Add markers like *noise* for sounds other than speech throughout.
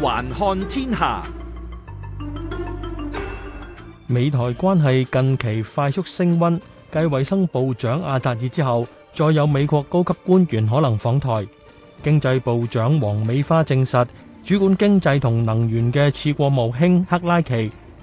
環看天下，美台關係近期快速升溫。繼衛生部長阿札爾之後，再有美國高級官員可能訪台。經濟部長王美花證實，主管經濟同能源嘅次國務卿克拉奇，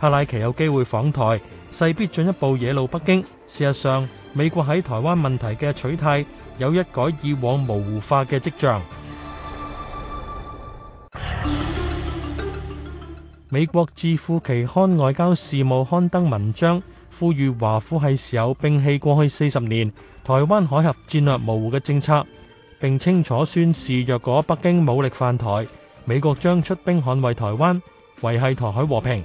克拉奇有機會訪台，勢必進一步惹怒北京。事實上，美國喺台灣問題嘅取態有一改以往模糊化嘅跡象。美國智庫期刊外交事務刊登文章，呼籲華府係時候摒棄過去四十年台灣海峽戰略模糊嘅政策，並清楚宣示，若果北京武力犯台，美國將出兵捍衛台灣，維係台海和平。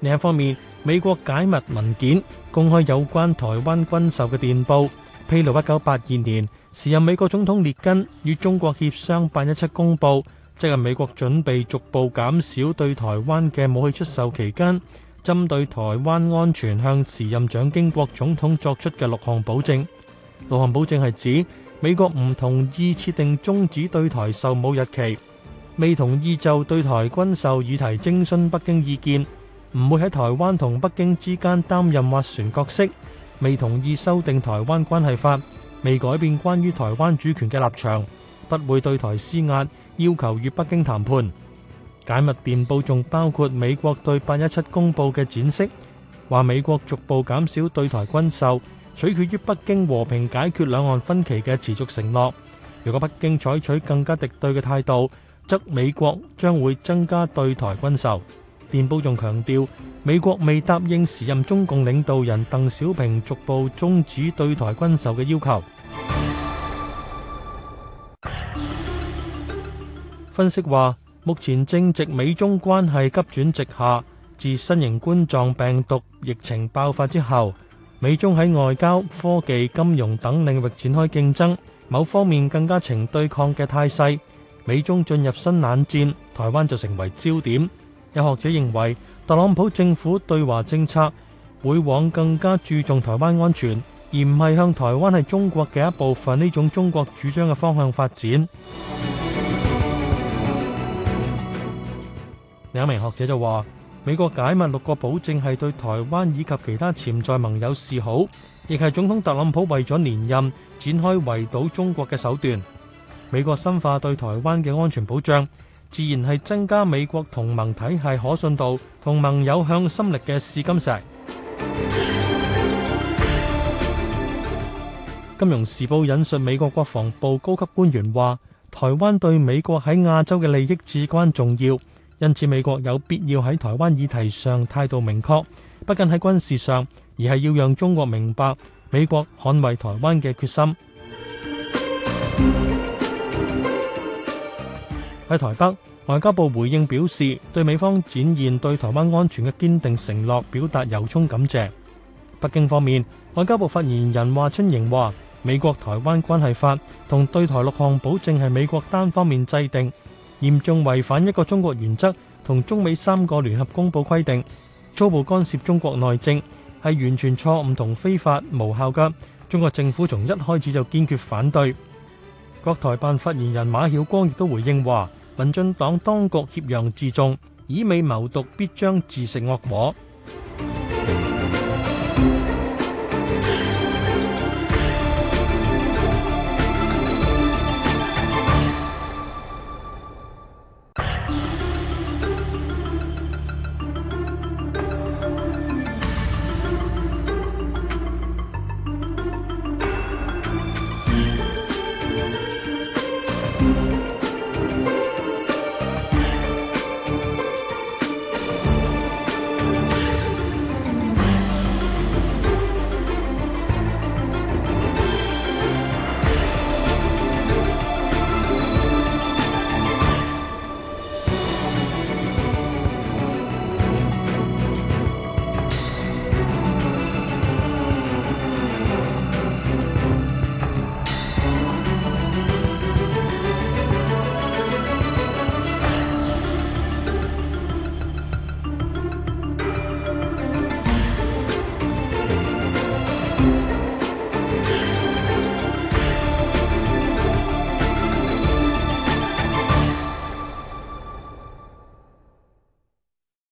另一方面，美國解密文件公開有關台灣軍售嘅電報，披露一九八二年時任美國總統列根與中國協商八一七公佈，即係美國準備逐步減少對台灣嘅武器出售期間，針對台灣安全向時任蔣經國總統作出嘅六項保證。六項保證係指美國唔同意設定終止對台售武日期，未同意就對台軍售議題徵詢北京意見。唔會喺台灣同北京之間擔任斡旋角色，未同意修訂台灣關係法，未改變關於台灣主權嘅立場，不會對台施壓，要求與北京談判。解密電報仲包括美國對八一七公報嘅展示，話美國逐步減少對台軍售，取決於北京和平解決兩岸分歧嘅持續承諾。如果北京採取更加敵對嘅態度，則美國將會增加對台軍售。電報仲強調，美國未答應時任中共領導人鄧小平逐步終止對台軍售嘅要求。分析話，目前正值美中關係急轉直下，自新型冠狀病毒疫情爆發之後，美中喺外交、科技、金融等領域展開競爭，某方面更加呈對抗嘅態勢。美中進入新冷戰，台灣就成為焦點。有學者認為，特朗普政府對華政策會往更加注重台灣安全，而唔係向台灣係中國嘅一部分呢種中國主張嘅方向發展。 *music* 另一名學者就話：美國解密六個保證係對台灣以及其他潛在盟友示好，亦係總統特朗普為咗連任，展開圍堵堵中國嘅手段。美國深化對台灣嘅安全保障。自然係增加美國同盟體系可信度，同盟有向心力嘅試金石。金融時報引述美國國防部高級官員話，台灣對美國喺亞洲嘅利益至關重要，因此美國有必要喺台灣議題上態度明確，不僅喺軍事上，而係要讓中國明白美國捍衛台灣嘅決心。喺台北，外交部回應表示，對美方展現對台灣安全嘅堅定承諾，表達由衷感謝。北京方面，外交部發言人華春瑩話：美國台灣關係法同對台六項保證係美國單方面制定，嚴重違反一個中國原則同中美三個聯合公報規定，粗暴干涉中國內政，係完全錯誤同非法無效嘅，中國政府從一開始就堅決反對。國台辦發言人馬曉光亦都回應話。民進黨當局挾洋自重，以美謀獨，必將自食惡果。